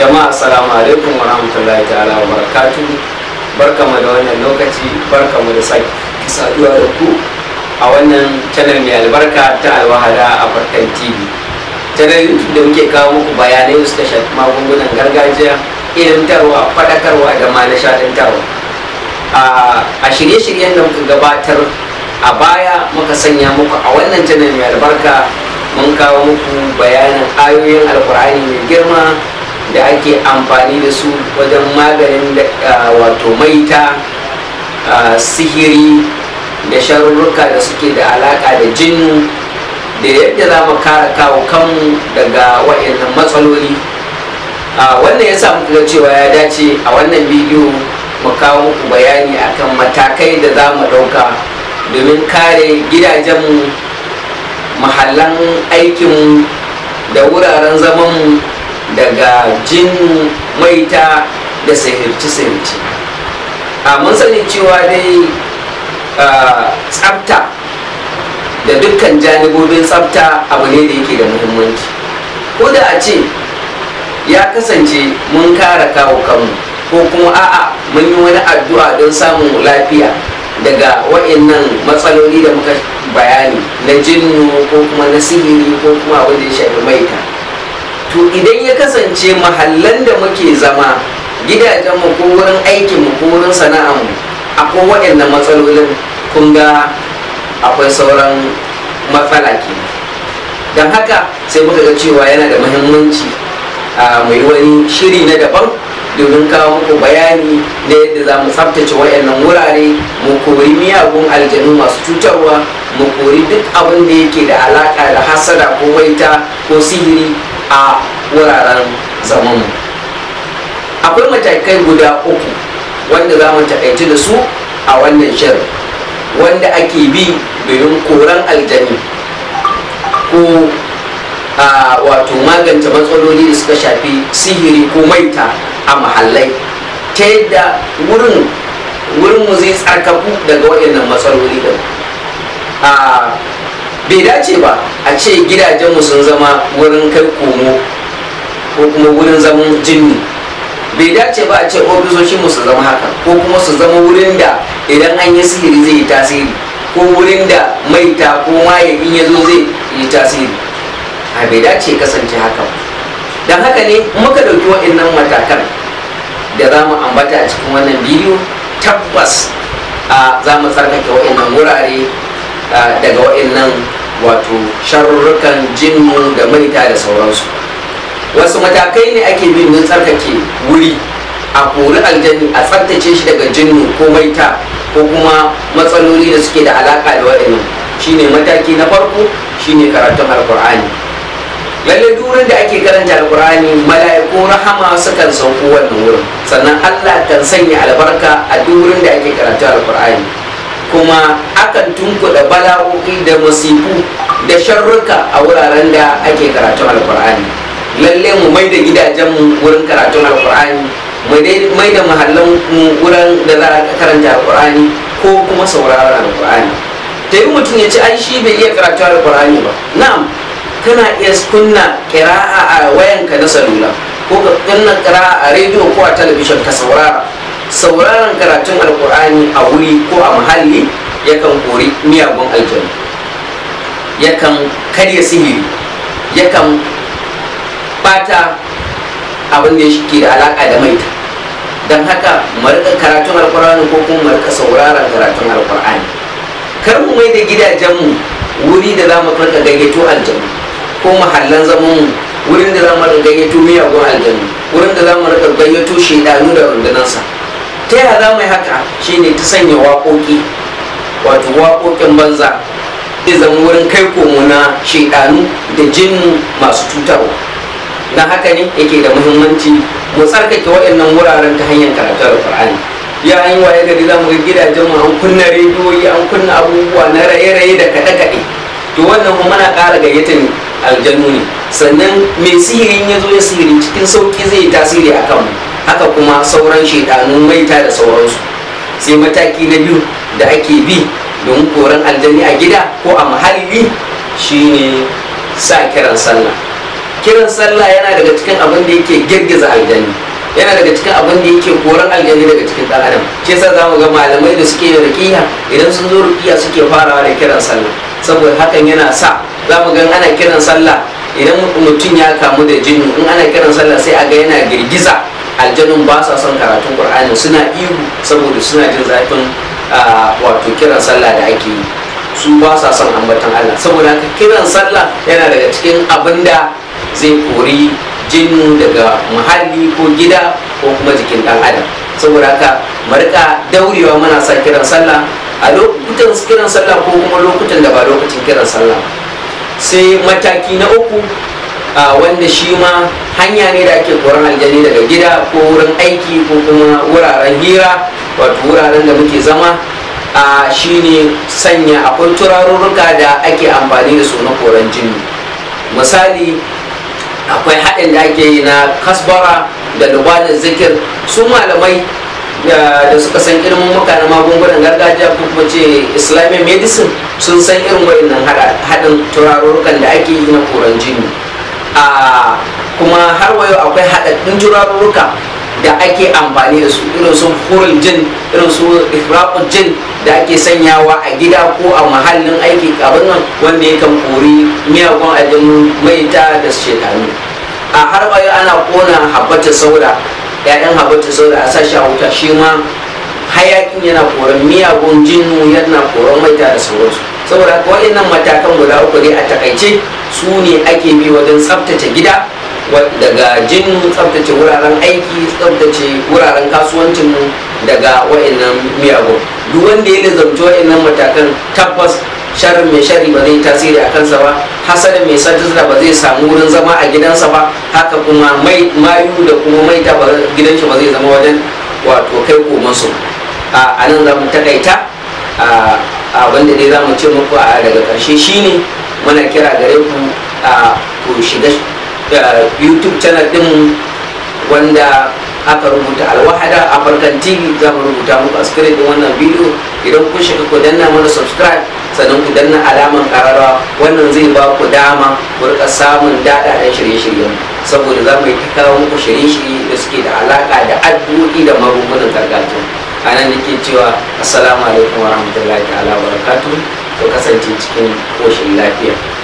jama'a assalamu alaikum wa rahmatullahi ta'ala wa barakatu barkamu da wannan lokaci barkamu da sake saduwa da ku a wannan channel mai albarka ta alwahada a barkan tv channel youtube da muke kawo muku bayanai da suka shafi magungunan gargajiya ilimtarwa fadakarwa da ma nishaɗantarwa a shirye-shiryen da muka gabatar a baya muka sanya muku a wannan channel mai albarka mun kawo muku bayanin ayoyin alkur'ani mai girma da ake amfani da su wajen maganin wato maita sihiri da sharurruka da suke da alaka da jinnu da yadda za mu kara kawo kanmu daga waɗannan matsaloli wannan ya sa muka cewa ya dace a wannan bidiyo mu kawo muku bayani akan matakai da za mu ɗauka domin kare gidajenmu mahallan aikinmu da wuraren zamanmu daga jin maita da sahirci-sahirci a mun sani cewa dai tsafta da dukkan janibobin tsafta abu ne da yake da muhimmanci ko da a ce ya kasance mun kara kawo kanmu ko kuma a'a mun yi wani addu'a don samun lafiya daga wa'annan matsaloli da muka bayani na jinnu ko kuma na sihiri ko kuma abin da maita kasance mahallan da muke zama gidajenmu ko wurin aikinmu ko wurin sana'armu akwai waɗannan matsalolin kun ga akwai sauran matsala don haka sai muka ga cewa yana da muhimmanci a mai wani shiri na daban domin kawo muku bayani na yadda za mu tsabtace waɗannan wurare mu kori miyagun aljanu masu cutarwa mu kori duk abin da yake da alaƙa da hasada ko waita ko sihiri a wuraren zamanmu akwai matakai guda uku wanda za mu takaici da su a wannan shirin wanda ake bi domin koran aljani ko a wato magance matsaloli da suka shafi sihiri ko maita a mahallai ta yadda wurin wurin mu zai tsarkaku daga waɗannan matsaloli da bai dace ba a ce gidajenmu sun zama wurin kai komo ko kuma wurin zaman jinni bai dace ba a ce ofisoshinmu su zama haka ko kuma su zama wurin da idan an yi sihiri zai yi tasiri ko wurin da maita ko maye in ya zo zai yi tasiri a bai dace kasance haka don haka ne muka ɗauki waɗannan matakan da za mu ambata a cikin wannan bidiyo tabbas a za mu tsarkake waɗannan wurare daga waɗannan wato sharurrukan jinnu da maita da sauransu wasu matakai ne ake bin don tsarkake wuri a kori aljani a tsaftace shi daga jinnu ko maita ko kuma matsaloli da suke da alaka da waɗannan shine mataki na farko shine karatun alkur'ani lalle durin da ake karanta alkur'ani mala'iku rahama sukan sauko wannan wurin sannan allah kan sanya albarka a durin da ake karanta alkur'ani kuma akan tunkuɗa bala'o'i da masifu da sharruka a wuraren da ake karatun alkur'ani lalle mu mai da gidajenmu wurin karatun alkur'ani mai da mahallan wurin da za a karanta alkur'ani ko kuma sauraron alkur'ani ta yi mutum ya ci ai shi bai iya karatu alkur'ani ba na'am kana iya kunna kira'a a wayanka na salula ko ka kunna kira'a a rediyo ko a talabijin ka saurara sauraron karatun alkur'ani a wuri ko a muhalli yakan kori miyagun aljanu yakan karya sihiri yakan bata abin da shi da alaka da maita don haka marika karatun alkur'ani ko kuma marika sauraron karatun alkur'ani kar mu mai da gidajenmu wuri da za mu karka gayyato aljanu ko mahallan zamanmu wurin da za mu gayyato miyagun aljanu wurin da za mu rika gayyato shaidanu da rundunansa ta yaya za mu yi haka shine ta sanya waƙoƙi wato waƙoƙin banza zai zama wurin kai komo na shaidanu da jin masu cutarwa na haka ne yake da muhimmanci mu tsarkake waɗannan wuraren ta hanyar karatu alƙur'ani yayin ya gari za mu ga gidajen mu an kunna rediyoyi an kunna abubuwa na raye-raye da kaɗe-kaɗe to wannan kuma na ƙara gayyata ne aljannu ne sannan mai sihirin ya zo ya sihiri cikin sauƙi zai yi tasiri a kanmu haka kuma sauran shaidanun maita da sauransu sai mataki na biyu da ake bi domin koran aljani a gida ko a mahalli shine sa kiran sallah kiran sallah yana daga cikin abin da yake girgiza aljani yana daga cikin abin da yake koran aljani daga cikin dan adam sa za zamu ga malamai da suke rukiya idan sun zo rukiya suke farawa da kiran sallah saboda hakan yana sa zamu ga ana kiran sallah idan mutum ya kamu da jini in ana kiran sallah sai a ga yana girgiza aljanun ba sa son karatun qur'ani suna ihu saboda suna jin zafin wato kiran sallah da ake yi su ba sa son ambatan allah saboda haka kiran sallah yana daga cikin abin da zai kori jinnu daga muhalli ko gida ko kuma jikin dan adam saboda haka marika daurewa mana sa kiran sallah a lokutan kiran sallah ko kuma lokutan da ba lokacin kiran sallah sai mataki na uku wanda shi ma hanya ne da ake koran aljani daga gida ko wurin aiki ko kuma wuraren hira wato wuraren da muke zama a shine sanya akwai turarurruka da ake amfani da su na koran jini misali akwai haɗin da ake yi na kasbara da lubanin zikir su malamai da suka san irin muka na magungunan gargajiya ko kuma ce islamic medicine sun san irin waɗannan haɗin turarurrukan da ake yi na koran jini a kuma har wayo akwai haɗaɗɗun turaruka da ake amfani da su irin su hurul jin irin su ifraqul jin da ake sanyawa a gida ko a mahallin aiki abin nan wanda ya kan kori miyagun aljanu maita da shekaru a har wayo ana kona habbata saura ya'yan habbata saura a sashi a wuta shi ma hayakin yana koran miyagun jinnu yana koran maita da sauransu saboda waɗannan matakan guda uku ne a takaice su ne ake bi wajen tsabtace gida daga jinnu tsabtace wuraren aiki tsabtace wuraren kasuwancinmu daga waɗannan miyagun duk wanda ya lizamci waɗannan matakan tabbas sharri mai shari ba zai tasiri a kansa ba hasada mai satisla ba zai samu wurin zama a gidansa ba haka kuma mai mayu da kuma maita ba gidan shi ba zai zama wajen wato kai komansu a nan za mu takaita A wanda dai za mu ce muku a daga ƙarshe shine muna kira gare ku a ku shiga youtube channel din wanda aka rubuta alwahada a farkan tv za mu rubuta muku a screen din wannan bidiyo idan kun shiga ku danna mana subscribe sannan ku danna alaman kararwa wannan zai ba ku dama ku rika samun daɗaɗen shirye-shiryen saboda za mu yi ta kawo muku shirye-shirye da suke da alaƙa da cewa assalamu alaikum warahmatullahi ta'ala katun to kasance cikin koshin lafiya